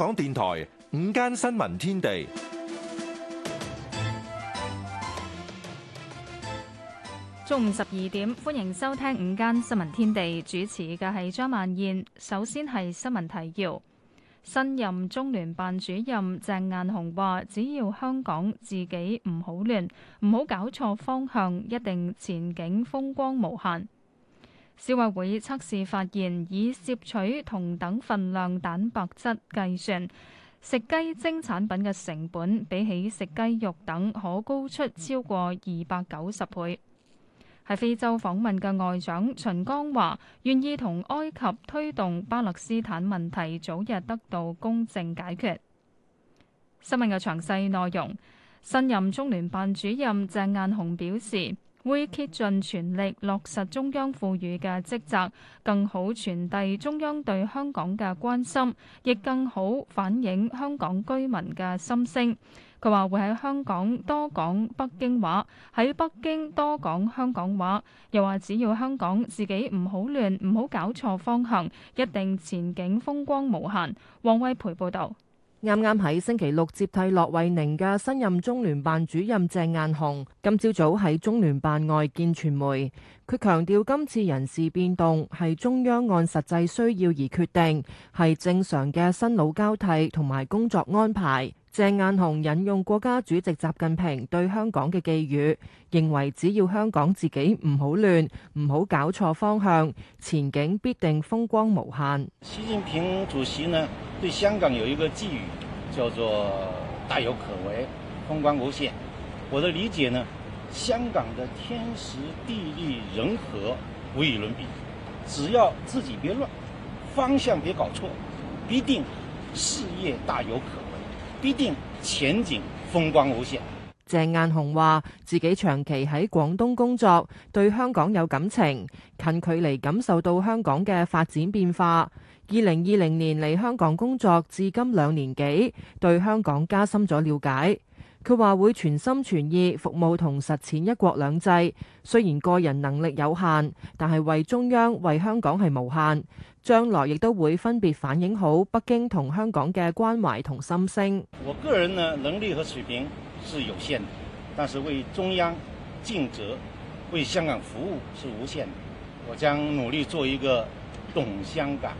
香港電台午間新聞天地，中午十二點，歡迎收聽午間新聞天地，主持嘅係張曼燕。首先係新聞提要，新任中聯辦主任鄭雁雄話：只要香港自己唔好亂，唔好搞錯方向，一定前景風光無限。消委會，會測試發現，以攝取同等份量蛋白質計算，食雞精產品嘅成本比起食雞肉等可高出超過二百九十倍。喺非洲訪問嘅外長秦剛話，願意同埃及推動巴勒斯坦問題早日得到公正解決。新聞嘅詳細內容，新任中聯辦主任鄭雁雄表示。會竭盡全力落實中央賦予嘅職責，更好傳遞中央對香港嘅關心，亦更好反映香港居民嘅心聲。佢話會喺香港多講北京話，喺北京多講香港話。又話只要香港自己唔好亂，唔好搞錯方向，一定前景風光無限。王威培報導。啱啱喺星期六接替駱惠寧嘅新任中聯辦主任鄭雁雄，今朝早喺中聯辦外見傳媒，佢強調今次人事變動係中央按實際需要而決定，係正常嘅新老交替同埋工作安排。鄭雁雄引用國家主席習近平對香港嘅寄語，認為只要香港自己唔好亂，唔好搞錯方向，前景必定風光無限。習近平主席呢，對香港有一個寄語，叫做大有可為，風光無限。我的理解呢，香港的天時地利人和無與倫比，只要自己別亂，方向別搞錯，必定事業大有可。必定前景風光無限。鄭雁雄話，自己長期喺廣東工作，對香港有感情，近距離感受到香港嘅發展變化。二零二零年嚟香港工作，至今兩年幾，對香港加深咗了解。佢話會全心全意服務同實踐一國兩制。雖然個人能力有限，但係為中央、為香港係無限。將來亦都會分別反映好北京同香港嘅關懷同心聲。我個人呢能力和水平是有限，但是為中央盡責、為香港服務是無限。我將努力做一個懂香港、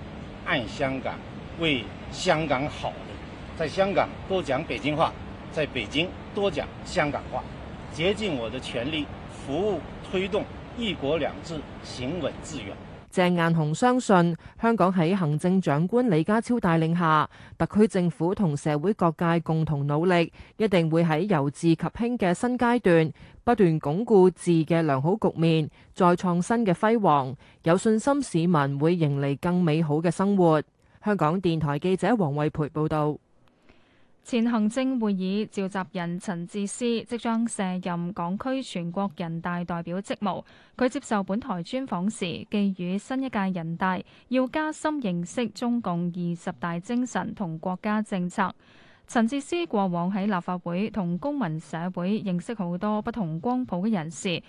愛香港、為香港好的，在香港多講北京話，在北京多講香港話，竭盡我的全力服務推動一國兩制行穩致遠。鄭雁雄相信，香港喺行政長官李家超帶領下，特區政府同社會各界共同努力，一定會喺由治及興嘅新階段，不斷鞏固治嘅良好局面，再創新嘅輝煌。有信心市民會迎嚟更美好嘅生活。香港電台記者黃慧培報道。前行政會議召集人陳智思即將卸任港區全國人大代表職務。佢接受本台專訪時，寄語新一屆人大要加深認識中共二十大精神同國家政策。陳智思過往喺立法會同公民社會認識好多不同光譜嘅人士。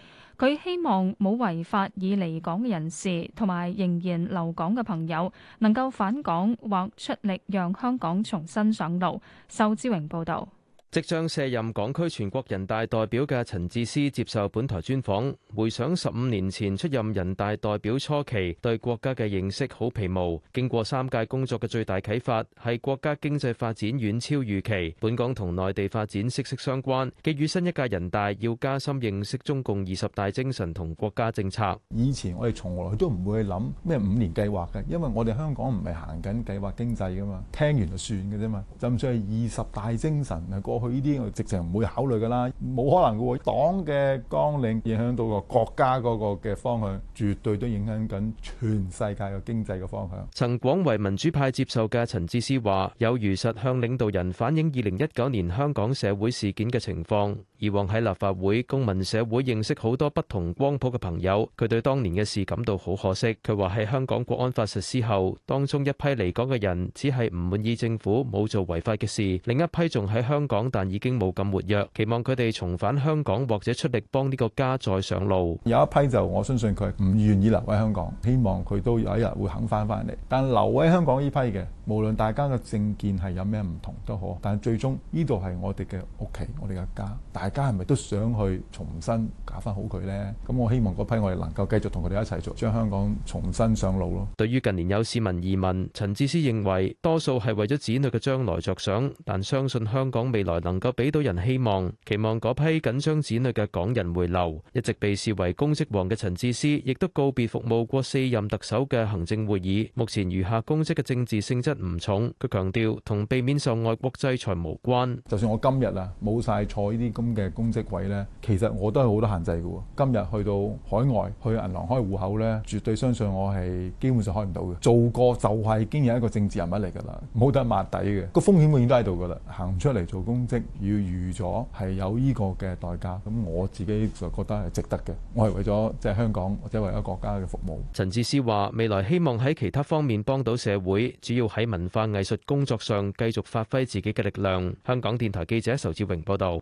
佢希望冇違法而離港嘅人士，同埋仍然留港嘅朋友，能夠返港或出力，讓香港重新上路。秀之榮報道。即將卸任港區全國人大代表嘅陳智思接受本台專訪，回想十五年前出任人大代表初期對國家嘅認識好皮毛，經過三屆工作嘅最大啟發係國家經濟發展遠超預期，本港同內地發展息息相關。寄予新一屆人大要加深認識中共二十大精神同國家政策。以前我哋從來都唔會諗咩五年計劃嘅，因為我哋香港唔係行緊計劃經濟噶嘛，聽完就算嘅啫嘛。甚至係二十大精神嘅佢呢啲我直情唔會考慮噶啦，冇可能嘅喎。黨嘅綱領影響到個國家嗰個嘅方向，絕對都影響緊全世界嘅經濟嘅方向。陳廣為民主派接受嘅陳智思話：有如實向領導人反映二零一九年香港社會事件嘅情況。以往喺立法會、公民社會認識好多不同光譜嘅朋友，佢對當年嘅事感到好可惜。佢話喺香港國安法實施後，當中一批嚟港嘅人只係唔滿意政府冇做違法嘅事，另一批仲喺香港。但已經冇咁活躍，期望佢哋重返香港或者出力幫呢個家再上路。有一批就我相信佢唔願意留喺香港，希望佢都有一日會肯返返嚟。但留喺香港呢批嘅，無論大家嘅政見係有咩唔同都好，但最終呢度係我哋嘅屋企，我哋嘅家。大家係咪都想去重新搞返好佢呢？咁我希望嗰批我哋能夠繼續同佢哋一齊做，將香港重新上路咯。對於近年有市民移民，陳智思認為多數係為咗子女嘅將來着想，但相信香港未來。能夠俾到人希望，期望嗰批緊張子女嘅港人回流。一直被視為公職王嘅陳智思亦都告別服務過四任特首嘅行政會議。目前餘下公職嘅政治性質唔重，佢強調同避免受外國制裁無關。就算我今日啊冇晒坐呢啲咁嘅公職位呢，其實我都係好多限制嘅。今日去到海外去銀行開戶口呢，絕對相信我係基本上開唔到嘅。做過就係已經係一個政治人物嚟㗎啦，冇得抹底嘅個風險永遠都喺度㗎啦，行唔出嚟做公。要預咗係有呢個嘅代價，咁我自己就覺得係值得嘅。我係為咗即係香港或者為咗國家嘅服務。陳智思話：未來希望喺其他方面幫到社會，主要喺文化藝術工作上繼續發揮自己嘅力量。香港電台記者仇志榮報導。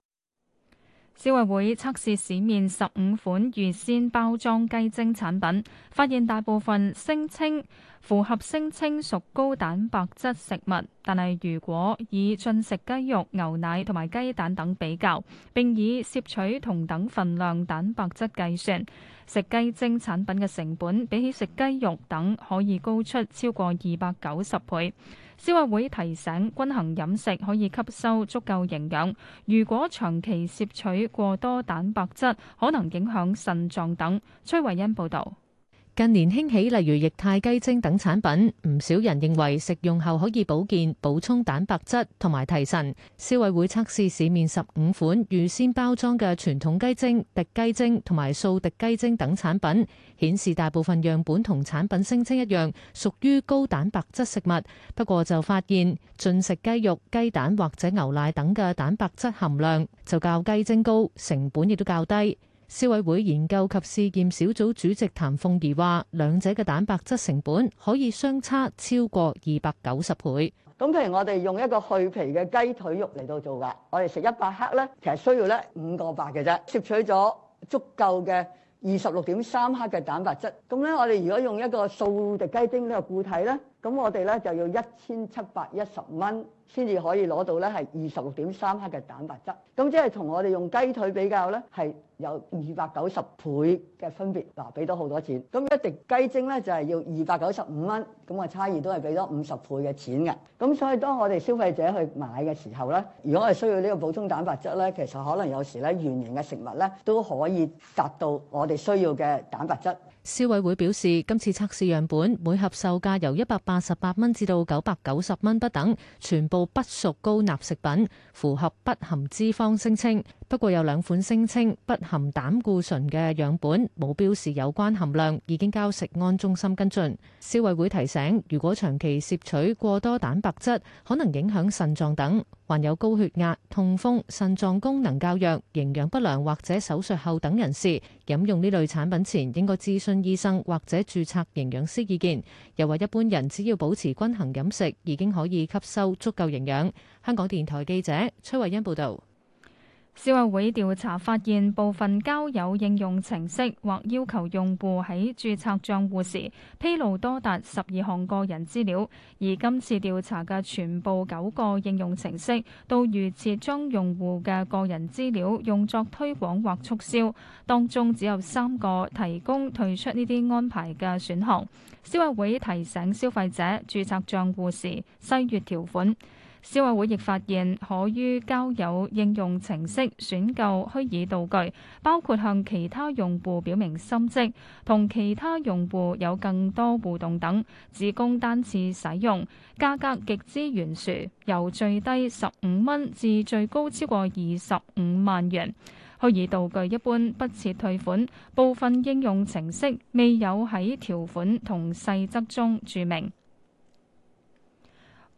消委會測試市面十五款預先包裝雞精產品，發現大部分聲稱符合聲稱屬高蛋白質食物，但係如果以進食雞肉、牛奶同埋雞蛋等比較，並以攝取同等份量蛋白質計算，食雞精產品嘅成本比起食雞肉等可以高出超過二百九十倍。消委會提醒，均衡飲食可以吸收足夠營養，如果長期攝取過多蛋白質可能影響腎臟等。崔惠恩報道。近年興起，例如液態雞精等產品，唔少人認為食用後可以保健、補充蛋白質同埋提神。消委會測試市面十五款預先包裝嘅傳統雞精、滴雞精同埋素滴雞精等產品，顯示大部分樣本同產品聲稱一樣，屬於高蛋白質食物。不過就發現，進食雞肉、雞蛋或者牛奶等嘅蛋白質含量就較雞精高，成本亦都較低。消委會研究及試驗小組主席譚鳳儀話，兩者嘅蛋白質成本可以相差超過二百九十倍。咁譬如我哋用一個去皮嘅雞腿肉嚟到做嘅，我哋食一百克咧，其實需要咧五個八嘅啫，攝取咗足夠嘅二十六點三克嘅蛋白質。咁咧，我哋如果用一個素滴雞丁呢個固體咧。咁我哋咧就要一千七百一十蚊先至可以攞到咧係二十六點三克嘅蛋白質。咁即係同我哋用雞腿比較咧，係有二百九十倍嘅分別。嗱，俾多好多錢？咁一滴雞精咧就係要二百九十五蚊，咁啊，差異都係俾多五十倍嘅錢嘅。咁所以當我哋消費者去買嘅時候咧，如果我哋需要呢個補充蛋白質咧，其實可能有時咧圓形嘅食物咧都可以達到我哋需要嘅蛋白質。消委會表示，今次測試樣本每盒售價由一百八十八蚊至到九百九十蚊不等，全部不屬高鈉食品，符合不含脂肪聲稱。不過有兩款聲稱不含膽固醇嘅樣本冇標示有關含量，已經交食安中心跟進。消委會提醒，如果長期攝取過多蛋白質，可能影響腎臟等。患有高血壓、痛風、腎臟功能較弱、營養不良或者手術後等人士，飲用呢類產品前應該諮詢。信醫生或者註冊營養師意見，又話一般人只要保持均衡飲食，已經可以吸收足夠營養。香港電台記者崔慧欣報導。消委會調查發現，部分交友應用程式或要求用戶喺註冊賬戶時披露多達十二項個人資料，而今次調查嘅全部九個應用程式都預設將用戶嘅個人資料用作推廣或促銷，當中只有三個提供退出呢啲安排嘅選項。消委會提醒消費者註冊賬戶時細閱條款。消委會亦發現，可於交友應用程式選購虛擬道具，包括向其他用戶表明心跡、同其他用戶有更多互動等，只供單次使用，價格極之懸殊，由最低十五蚊至最高超過二十五萬元。虛擬道具一般不設退款，部分應用程式未有喺條款同細則中註明。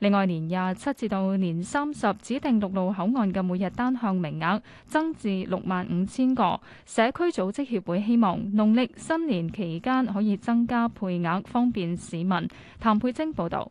另外，年廿七至到年三十指定陸路口岸嘅每日單向名額增至六萬五千個，社區組織協會希望農曆新年期間可以增加配額，方便市民。譚佩晶報道。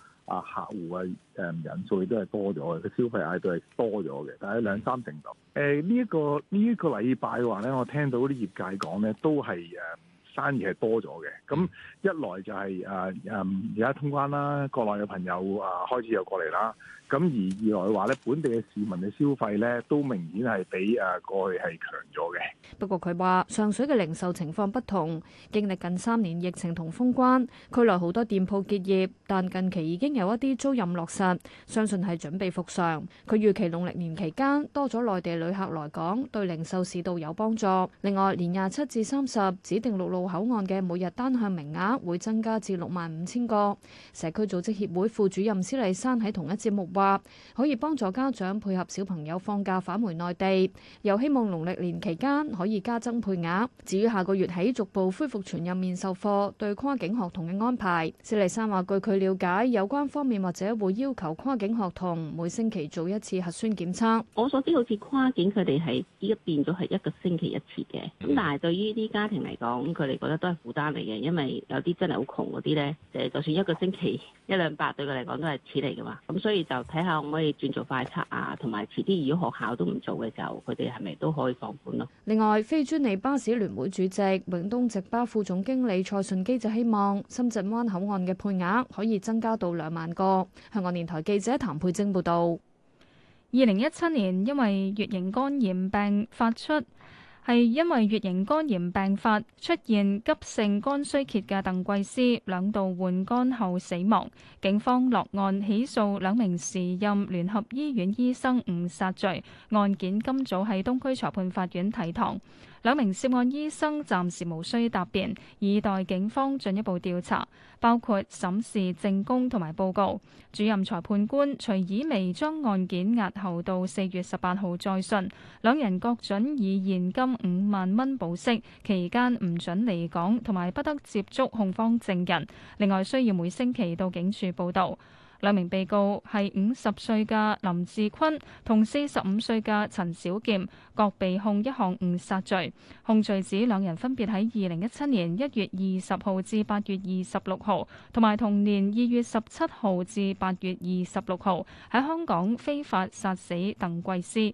啊！客戶啊，誒、嗯、人數亦都係多咗嘅，佢消費額都係多咗嘅，但係兩三成度。誒、呃這個這個、呢一個呢一個禮拜嘅話咧，我聽到啲業界講咧，都係誒。嗯生意係多咗嘅，咁一來就係誒誒而家通關啦，國內嘅朋友啊開始又過嚟啦，咁而二來話咧，本地嘅市民嘅消費咧都明顯係比誒過去係強咗嘅。不過，佢話上水嘅零售情況不同，經歷近三年疫情同封關區內好多店鋪結業，但近期已經有一啲租賃落實相信係準備復常，佢預期農曆年期間多咗內地旅客來港，對零售市道有幫助。另外，年廿七至三十指定六六。渡口岸嘅每日單向名額會增加至六萬五千個。社區組織協會副主任施麗珊喺同一節目話，可以幫助家長配合小朋友放假返回內地。又希望農曆年期間可以加增配額。至於下個月起逐步恢復全日面授課對跨境學童嘅安排，施麗珊話，據佢了解，有關方面或者會要求跨境學童每星期做一次核酸檢測。我所知好似跨境佢哋係依家變咗係一個星期一次嘅，咁但係對於啲家庭嚟講，佢。覺得都係負擔嚟嘅，因為有啲真係好窮嗰啲呢，就算一個星期一兩百對佢嚟講都係錢嚟嘅嘛。咁所以就睇下可唔可以轉做快測啊，同埋遲啲如果學校都唔做嘅時候，佢哋係咪都可以放款咯？另外，非專利巴士聯會主席永東直巴副總經理蔡順基就希望深圳灣口岸嘅配額可以增加到兩萬個。香港電台記者譚佩晶報導。二零一七年因為乙型肝炎病發出。係因為乙型肝炎病發出現急性肝衰竭嘅鄧桂詩兩度換肝後死亡，警方落案起訴兩名時任聯合醫院醫生誤殺罪。案件今早喺東區裁判法院提堂。兩名涉案醫生暫時無需答辯，以待警方進一步調查，包括審視證供同埋報告。主任裁判官徐以薇將案件押後到四月十八號再訊。兩人各準以現金五萬蚊保釋，期間唔準離港同埋不得接觸控方證人。另外，需要每星期到警署報到。兩名被告係五十歲嘅林志坤同四十五歲嘅陳小劍，各被控一項誤殺罪。控罪指兩人分別喺二零一七年一月二十號至八月二十六號，同埋同年二月十七號至八月二十六號喺香港非法殺死鄧桂思。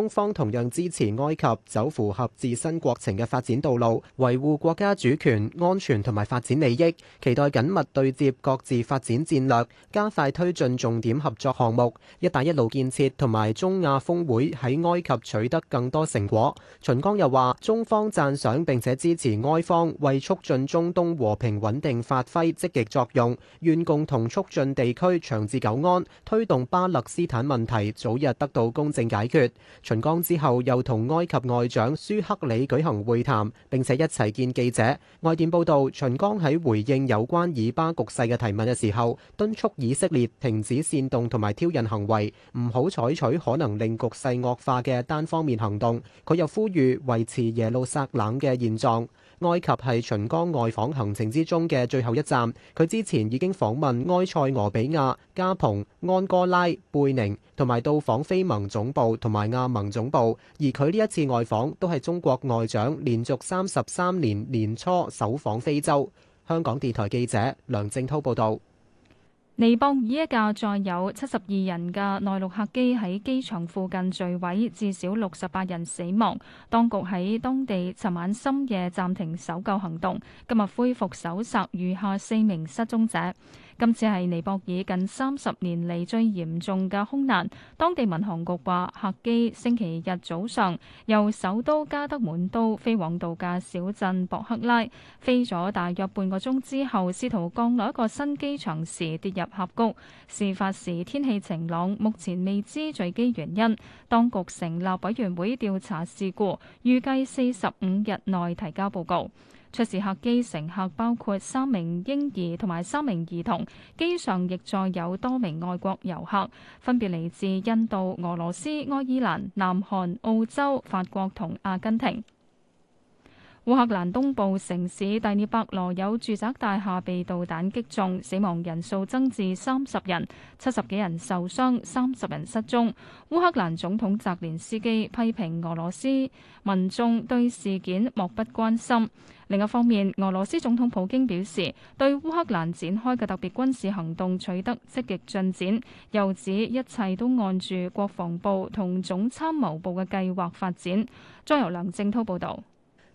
中方同樣支持埃及走符合自身國情嘅發展道路，維護國家主權、安全同埋發展利益，期待緊密對接各自發展戰略，加快推進重點合作項目，「一帶一路」建設同埋中亞峰會喺埃及取得更多成果。秦剛又話：中方讚賞並且支持埃方為促進中東和平穩定發揮積極作用，願共同促進地區長治久安，推動巴勒斯坦問題早日得到公正解決。秦剛之後又同埃及外長舒克里舉行會談，並且一齊見記者。外電報道，秦剛喺回應有關以巴局勢嘅提問嘅時候，敦促以色列停止煽動同埋挑釁行為，唔好採取可能令局勢惡化嘅單方面行動。佢又呼籲維持耶路撒冷嘅現狀。埃及係秦剛外訪行程之中嘅最後一站，佢之前已經訪問埃塞俄比亞、加蓬、安哥拉、貝寧。同埋到訪非盟總部同埋亞盟總部，而佢呢一次外訪都係中國外長連續三十三年年初首訪非洲。香港電台記者梁正滔報導。尼泊爾一架載有七十二人嘅內陸客機喺機場附近墜毀，至少六十八人死亡。當局喺當地尋晚深夜暫停搜救行動，今日恢復搜索餘下四名失蹤者。今次係尼泊爾近三十年嚟最嚴重嘅空難。當地民航局話，客機星期日早上由首都加德滿都飛往度假小鎮博克拉，飛咗大約半個鐘之後，試圖降落一個新機場時跌入峽谷。事發時天氣晴朗，目前未知墜機原因。當局成立委員會調查事故，預計四十五日內提交報告。出事客機乘客包括三名嬰兒同埋三名兒童，機上亦載有多名外國遊客，分別嚟自印度、俄羅斯、愛爾蘭、南韓、澳洲、法國同阿根廷。烏克蘭東部城市第聶伯羅有住宅大廈被導彈擊中，死亡人數增至三十人，七十幾人受傷，三十人失蹤。烏克蘭總統澤連斯基批評俄羅斯民眾對事件漠不關心。另一方面，俄羅斯總統普京表示，對烏克蘭展開嘅特別軍事行動取得積極進展，又指一切都按住國防部同總參謀部嘅計劃發展。再由梁正濤報道。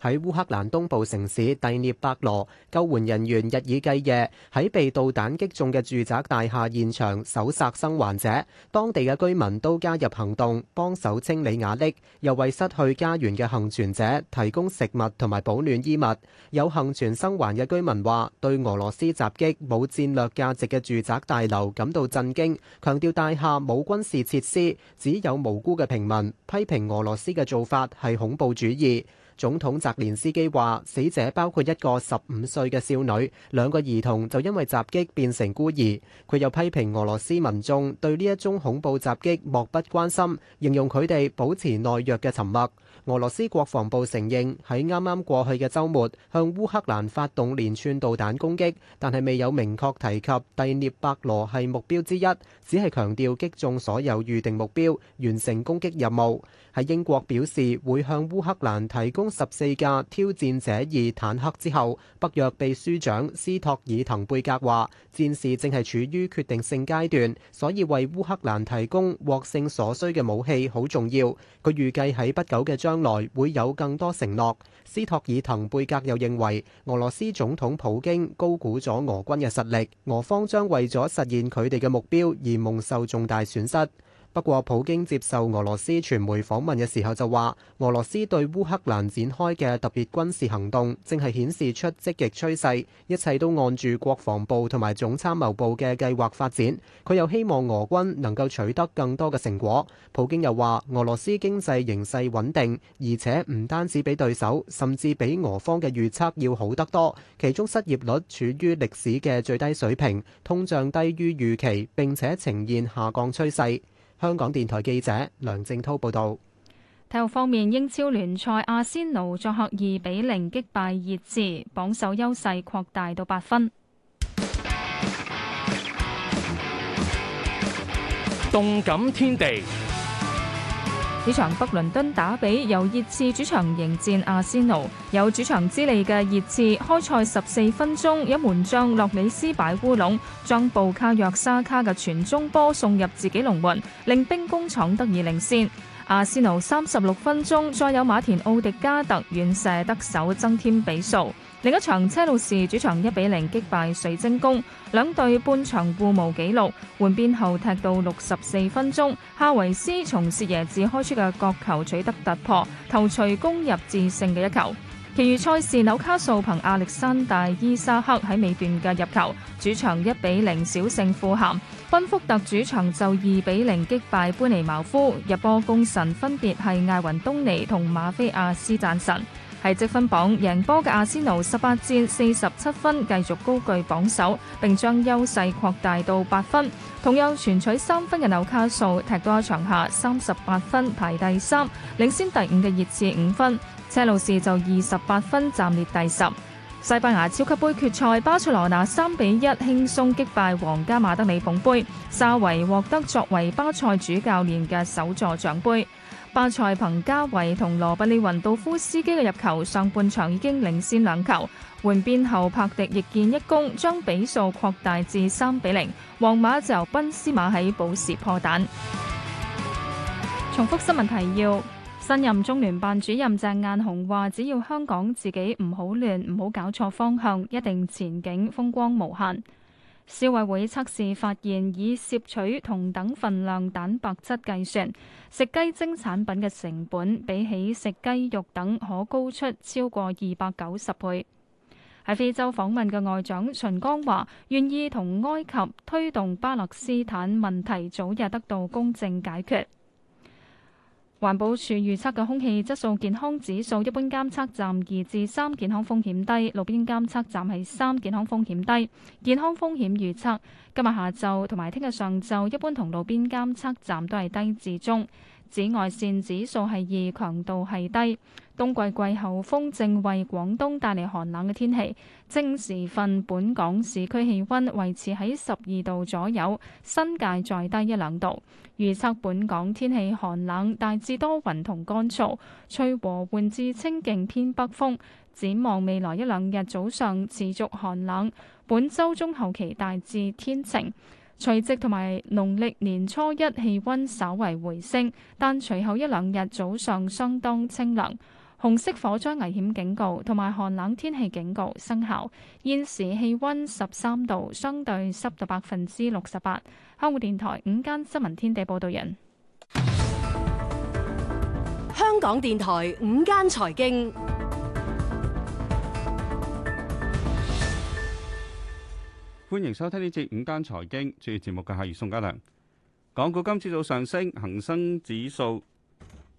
喺烏克蘭東部城市第聶伯羅，救援人員日以繼夜喺被導彈擊中嘅住宅大廈現場搜索生還者。當地嘅居民都加入行動，幫手清理瓦礫，又為失去家園嘅倖存者提供食物同埋保暖衣物。有倖存生還嘅居民話，對俄羅斯襲擊冇戰略價值嘅住宅大樓感到震驚，強調大廈冇軍事設施，只有無辜嘅平民，批評俄羅斯嘅做法係恐怖主義。總統澤連斯基話：死者包括一個十五歲嘅少女，兩個兒童就因為襲擊變成孤兒。佢又批評俄羅斯民眾對呢一宗恐怖襲擊漠不關心，形容佢哋保持懦弱嘅沉默。俄羅斯國防部承認喺啱啱過去嘅週末向烏克蘭發動連串導彈攻擊，但係未有明確提及第聶伯羅係目標之一，只係強調擊中所有預定目標，完成攻擊任務。喺英國表示會向烏克蘭提供十四架挑戰者二坦克之後，北約秘書長斯托爾滕貝格話：戰事正係處於決定性階段，所以為烏克蘭提供獲勝所需嘅武器好重要。佢預計喺不久嘅將將來會有更多承諾。斯托爾滕貝格又認為，俄羅斯總統普京高估咗俄軍嘅實力，俄方將為咗實現佢哋嘅目標而蒙受重大損失。不過，普京接受俄羅斯傳媒訪問嘅時候就話：俄羅斯對烏克蘭展開嘅特別軍事行動正係顯示出積極趨勢，一切都按住國防部同埋總參謀部嘅計劃發展。佢又希望俄軍能夠取得更多嘅成果。普京又話：俄羅斯經濟形勢穩定，而且唔單止比對手，甚至比俄方嘅預測要好得多。其中失業率處於歷史嘅最低水平，通脹低於預期，並且呈現下降趨勢。香港電台記者梁正濤報道。體育方面，英超聯賽阿仙奴作客二比零擊敗熱刺，榜首優勢擴大到八分。動感天地。主場北倫敦打比，由熱刺主場迎戰阿仙奴，有主場之利嘅熱刺開賽十四分鐘，有門將洛里斯擺烏龍，將布卡約沙卡嘅傳中波送入自己龍門，令兵工廠得以領先。阿仙奴三十六分鐘再有馬田奧迪加特遠射得手，增添比數。另一場車路士主場一比零擊敗水晶宮，兩隊半場互無紀錄，換邊後踢到六十四分鐘，夏維斯從薛耶治開出嘅角球取得突破，頭槌攻入致勝嘅一球。其餘賽事紐卡素憑亞歷山大伊沙克喺尾段嘅入球，主場一比零小勝富咸；賓福特主場就二比零擊敗般尼茅夫，入波功臣分別係艾云東尼同馬菲亞斯贊臣。喺積分榜贏波嘅阿仙奴十八戰四十七分，繼續高居榜首，並將優勢擴大到八分。同樣全取三分嘅紐卡素踢多一場下三十八分，排第三，領先第五嘅熱刺五分。車路士就二十八分，暫列第十。西班牙超級杯決賽，巴塞羅那三比一輕鬆擊敗皇家馬德里捧杯，沙維獲得作為巴塞主教練嘅首座獎杯。巴塞彭加維同羅伯利雲道夫斯基嘅入球，上半場已經領先兩球。換邊後，帕迪亦建一攻，將比數擴大至三比零。皇馬就由賓斯馬喺補時破蛋。重複新聞提要：新任中聯辦主任鄭雁雄話，只要香港自己唔好亂，唔好搞錯方向，一定前景風光無限。消委會測試發現，以攝取同等份量蛋白質計算。食雞精產品嘅成本比起食雞肉等可高出超過二百九十倍。喺非洲訪問嘅外長秦剛話，願意同埃及推動巴勒斯坦問題早日得到公正解決。環保署預測嘅空氣質素健康指數，一般監測站二至三，健康風險低；路邊監測站係三，健康風險低。健康風險預測今日下晝同埋聽日上晝，一般同路邊監測站都係低至中。紫外線指數係二，強度係低。冬季季候風正為廣東帶嚟寒冷嘅天氣。正時分，本港市區氣温維持喺十二度左右，新界再低一兩度。預測本港天氣寒冷，大致多雲同乾燥，吹和緩至清勁偏北風。展望未來一兩日早上持續寒冷，本週中後期大致天晴。除夕同埋農曆年初一氣温稍為回升，但隨後一兩日早上相當清涼。紅色火災危險警告同埋寒冷天氣警告生效。現時氣温十三度，相對濕度百分之六十八。香港電台午間新聞天地報道人。香港電台午間財經。歡迎收聽呢節午間財經專業節目嘅係宋家良。港股今朝早上升，恒生指數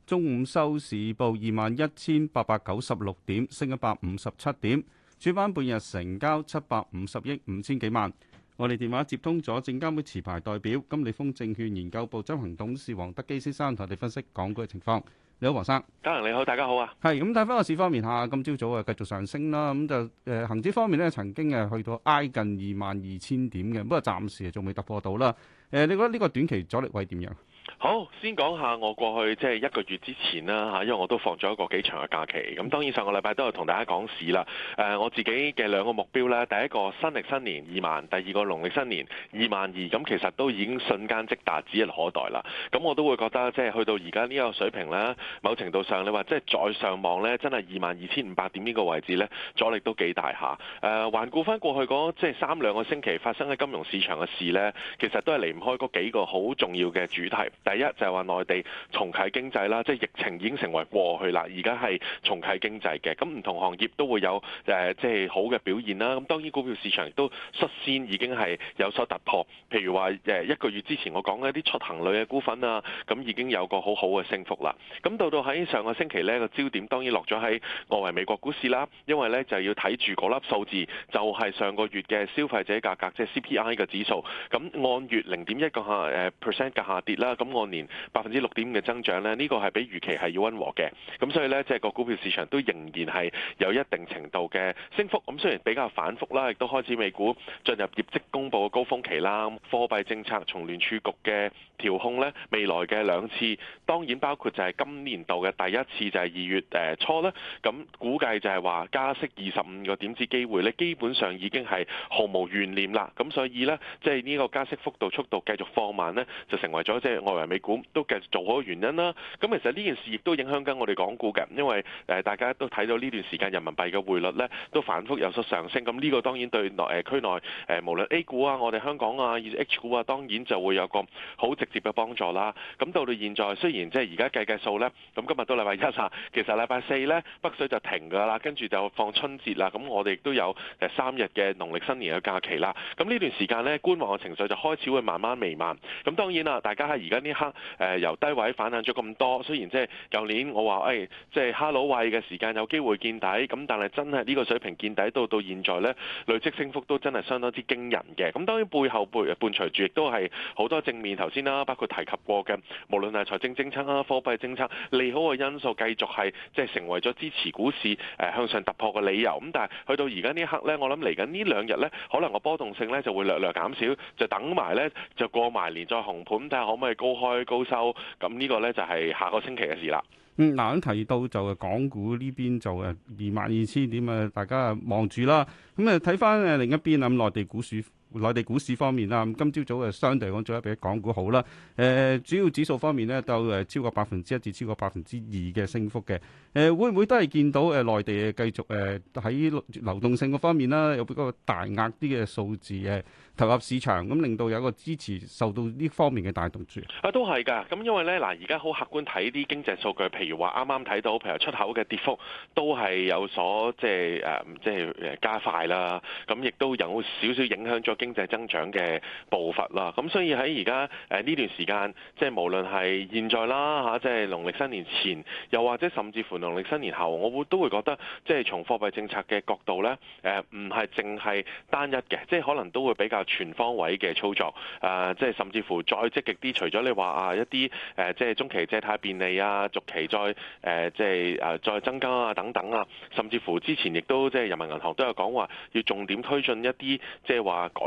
中午收市報二萬一千八百九十六點，升一百五十七點。主板半日成交七百五十億五千幾萬。我哋電話接通咗證監會持牌代表、金利豐證券研究部執行董事黃德基先生同我哋分析港股嘅情況。你好，黃生，嘉良，你好，大家好啊。係咁，睇翻個市方面吓，今朝早啊繼續上升啦。咁就誒，呃、恒指方面咧，曾經誒去到挨近二萬二千點嘅，不過暫時啊仲未突破到啦。誒、呃，你覺得呢個短期阻力位點樣？好，先講下我過去即係一個月之前啦嚇，因為我都放咗一個幾長嘅假期。咁當然上個禮拜都有同大家講市啦。誒，我自己嘅兩個目標咧，第一個新歷新年二萬，20, 000, 第二個農曆新年二萬二。咁其實都已經瞬間即達，指日可待啦。咁我都會覺得即係去到而家呢個水平咧，某程度上你話即係再上望呢，真係二萬二千五百點呢個位置呢，阻力都幾大下誒，呃，環顧翻過去嗰即係三兩個星期發生喺金融市場嘅事呢，其實都係離唔開嗰幾個好重要嘅主題。第一就係話內地重啟經濟啦，即係疫情已經成為過去啦，而家係重啟經濟嘅，咁唔同行業都會有誒即係好嘅表現啦。咁當然股票市場都率先已經係有所突破，譬如話誒一個月之前我講嘅一啲出行類嘅股份啊，咁已經有個好好嘅升幅啦。咁到到喺上個星期呢個焦點當然落咗喺外圍美國股市啦，因為呢就要睇住嗰粒數字，就係上個月嘅消費者價格即係 CPI 嘅指數，咁按月零點一個下誒 percent 嘅下跌啦，咁。半年百分之六點五嘅增長呢，呢個係比預期係要溫和嘅，咁所以呢，即係個股票市場都仍然係有一定程度嘅升幅，咁雖然比較反復啦，亦都開始美股進入業績公布嘅高峰期啦，貨幣政策從聯儲局嘅調控呢，未來嘅兩次，當然包括就係今年度嘅第一次就，就係二月誒初啦。咁估計就係話加息二十五個點子機會呢，基本上已經係毫無懸念啦，咁所以呢，即係呢個加息幅度速度繼續放慢呢，就成為咗即係外圍。就是美股都繼續做好嘅原因啦，咁其實呢件事亦都影響緊我哋港股嘅，因為誒大家都睇到呢段時間人民幣嘅匯率呢都反覆有所上升，咁呢個當然對內誒區內誒無論 A 股啊、我哋香港啊、以至 H 股啊，當然就會有個好直接嘅幫助啦。咁到到現在雖然即係而家計計數呢，咁今日到禮拜一嚇，其實禮拜四呢北水就停㗎啦，跟住就放春節啦，咁我哋都有誒三日嘅農曆新年嘅假期啦。咁呢段時間呢，觀望嘅情緒就開始會慢慢彌漫。咁當然啦，大家喺而家呢，誒由低位反彈咗咁多，雖然即係舊年我話誒即係哈囉喂嘅時間有機會見底，咁但係真係呢個水平見底到到現在呢，累積升幅都真係相當之驚人嘅。咁當然背後伴伴隨住亦都係好多正面頭先啦，包括提及過嘅，無論係財政政策啊、貨幣政策利好嘅因素，繼續係即係成為咗支持股市誒向上突破嘅理由。咁但係去到而家呢一刻呢，我諗嚟緊呢兩日呢，可能個波動性呢就會略略減少，就等埋呢，就過埋年再紅盤，睇下可唔可以高開。開高收，咁呢個咧就係下個星期嘅事啦。嗯，嗱，咁提到就係港股呢邊就誒二萬二千點啊，大家望住啦。咁啊睇翻誒另一邊啊，嗯、內地股市。內地股市方面啦，今朝早啊，相對嚟講做一比港股好啦。誒，主要指數方面咧，都有誒超過百分之一至超過百分之二嘅升幅嘅。誒，會唔會都係見到誒內地繼續誒喺流動性嗰方面啦，有比較大額啲嘅數字誒投入市場，咁令到有一個支持受到呢方面嘅帶動住。啊，都係㗎。咁因為咧，嗱而家好客觀睇啲經濟數據，譬如話啱啱睇到，譬如出口嘅跌幅都係有所即係誒、呃、即係誒加快啦。咁亦都有少少影響咗經經濟增長嘅步伐啦，咁所以喺而家誒呢段時間，即係無論係現在啦嚇，即、啊、係、就是、農曆新年前，又或者甚至乎農曆新年後，我會都會覺得即係從貨幣政策嘅角度呢，誒唔係淨係單一嘅，即係可能都會比較全方位嘅操作啊，即係甚至乎再積極啲，除咗你話啊一啲誒、啊、即係中期借貸便利啊，續期再誒、啊、即係誒、啊、再增加啊等等啊，甚至乎之前亦都即係人民銀行都有講話要重點推進一啲即係話改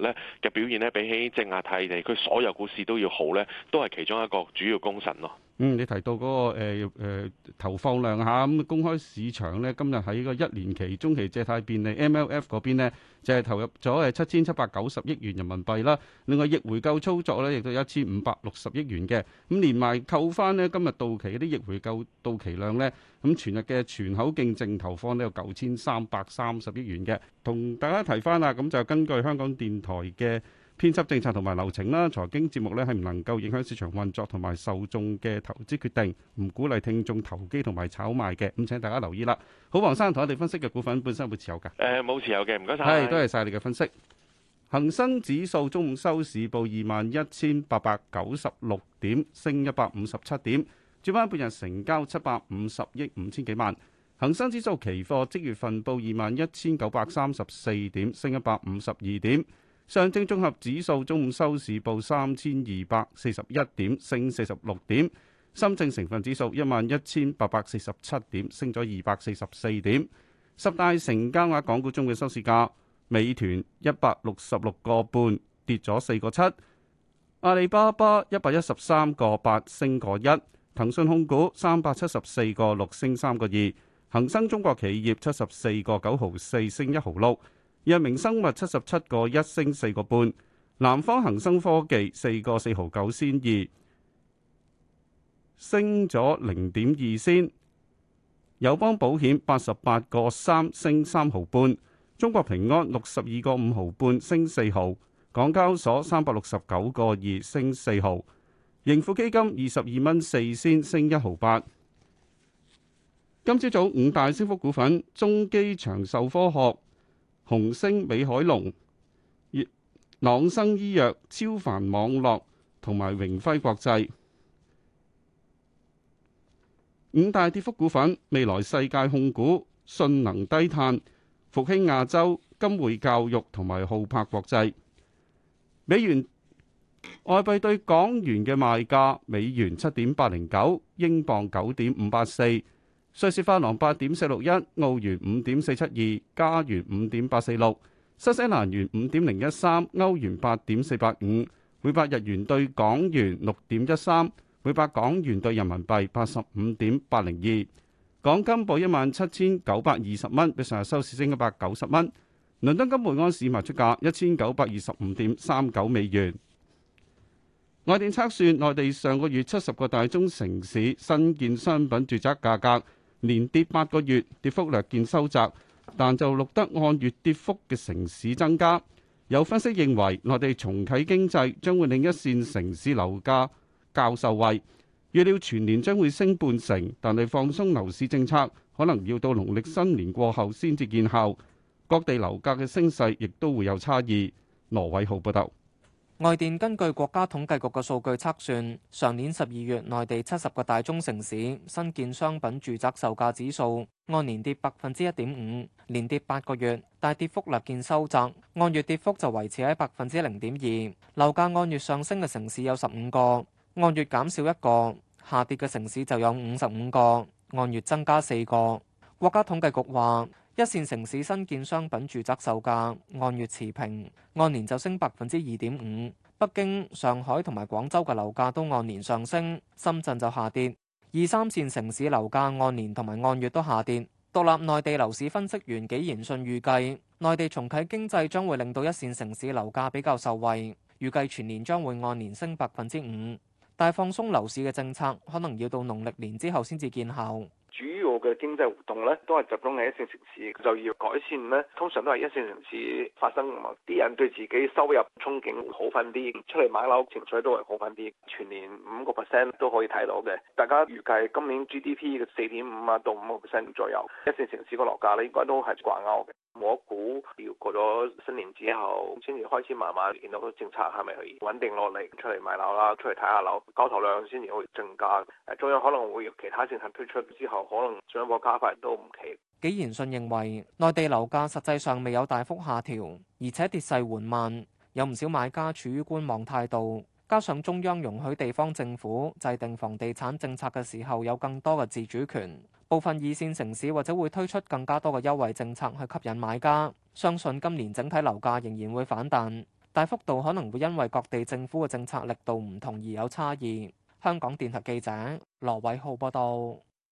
咧嘅表現咧，比起正亞太地區所有股市都要好咧，都係其中一個主要功臣咯。嗯，你提到嗰個誒誒投放量嚇，咁公開市場咧今日喺個一年期、中期借貸便利 MLF 嗰邊咧，就係投入咗係七千七百九十億元人民幣啦。另外逆回購操作咧，亦都有一千五百六十億元嘅。咁連埋扣返咧，今日到期嗰啲逆回購到期量咧，咁全日嘅全口徑淨投放都有九千三百三十億元嘅。同大家提翻啦，咁就根據香港電台嘅。編輯政策同埋流程啦，財經節目呢係唔能夠影響市場運作同埋受眾嘅投資決定，唔鼓勵聽眾投機同埋炒賣嘅。咁，請大家留意啦。好，黃生同我哋分析嘅股份本身會持有噶？誒、呃，冇持有嘅，唔該晒。多謝晒你嘅分析。恒生指數中午收市報二萬一千八百九十六點，升一百五十七點。主板半日成交七百五十億五千幾萬。恒生指數期貨即月份報二萬一千九百三十四點，升一百五十二點。上證綜合指數中午收市報三千二百四十一點，升四十六點。深圳成分指數一萬一千八百四十七點，升咗二百四十四點。十大成交額港股中嘅收市價，美團一百六十六個半，跌咗四個七。阿里巴巴一百一十三個八，升個一。騰訊控股三百七十四個六，升三個二。恒生中國企業七十四個九毫四，升一毫六。藥明生物七十七個一升四個半，南方恒生科技四個四毫九仙二，升咗零點二仙。友邦保險八十八個三升三毫半，中國平安六十二個五毫半升四毫，港交所三百六十九個二升四毫，盈富基金二十二蚊四仙升一毫八。今朝早五大升幅股份：中基長壽科學。紅星美凱龍、朗生醫藥、超凡網絡同埋榮輝國際。五大跌幅股份，未來世界控股、信能低碳、福興亞洲、金匯教育同埋浩柏國際。美元外幣對港元嘅賣價，美元七點八零九，英鎊九點五八四。瑞士法郎八點四六一，澳元五點四七二，加元五點八四六，新西蘭元五點零一三，歐元八點四八五，每百日元對港元六點一三，每百港元對人民幣八十五點八零二。港金報一萬七千九百二十蚊，比上日收市升一百九十蚊。倫敦金每盎司賣出價一千九百二十五點三九美元。外電測算，內地上個月七十個大中城市新建商品住宅價格，連跌八個月，跌幅略見收窄，但就錄得按月跌幅嘅城市增加。有分析認為，內地重啟經濟將會令一線城市樓價較受惠，預料全年將會升半成，但係放鬆樓市政策可能要到農曆新年過後先至見效。各地樓價嘅升勢亦都會有差異。羅偉浩報道。外電根據國家統計局嘅數據測算，上年十二月內地七十個大中城市新建商品住宅售價指數按年跌百分之一點五，連跌八個月，大跌幅略見收窄，按月跌幅就維持喺百分之零點二。樓價按月上升嘅城市有十五個，按月減少一個，下跌嘅城市就有五十五個，按月增加四個。國家統計局話。一線城市新建商品住宅售價按月持平，按年就升百分之二點五。北京、上海同埋廣州嘅樓價都按年上升，深圳就下跌。二三線城市樓價按年同埋按月都下跌。獨立內地樓市分析員紀賢信預計，內地重啟經濟將會令到一線城市樓價比較受惠，預計全年將會按年升百分之五。但放鬆樓市嘅政策可能要到農曆年之後先至見效。主要嘅經濟活動呢，都係集中喺一線城市，就要改善呢，通常都係一線城市發生嘅，啲人對自己收入憧憬好返啲，出嚟買樓情緒都係好返啲。全年五個 percent 都可以睇到嘅，大家預計今年 GDP 嘅四點五啊到五個 percent 左右，一線城市個樓價呢，應該都係掛鈎嘅。我估要過咗新年之後先至開始慢慢見到個政策係咪可以穩定落嚟，出嚟買樓啦，出嚟睇下樓，交投量先至會增加。誒，仲有可能會其他政策推出之後可能進一步加快都唔奇。紀賢信認為，內地樓價實際上未有大幅下調，而且跌勢緩慢，有唔少買家處於觀望態度。加上中央容許地方政府制定房地產政策嘅時候有更多嘅自主權，部分二線城市或者會推出更加多嘅優惠政策去吸引買家。相信今年整體樓價仍然會反彈，大幅度可能會因為各地政府嘅政策力度唔同而有差異。香港電台記者羅偉浩報道。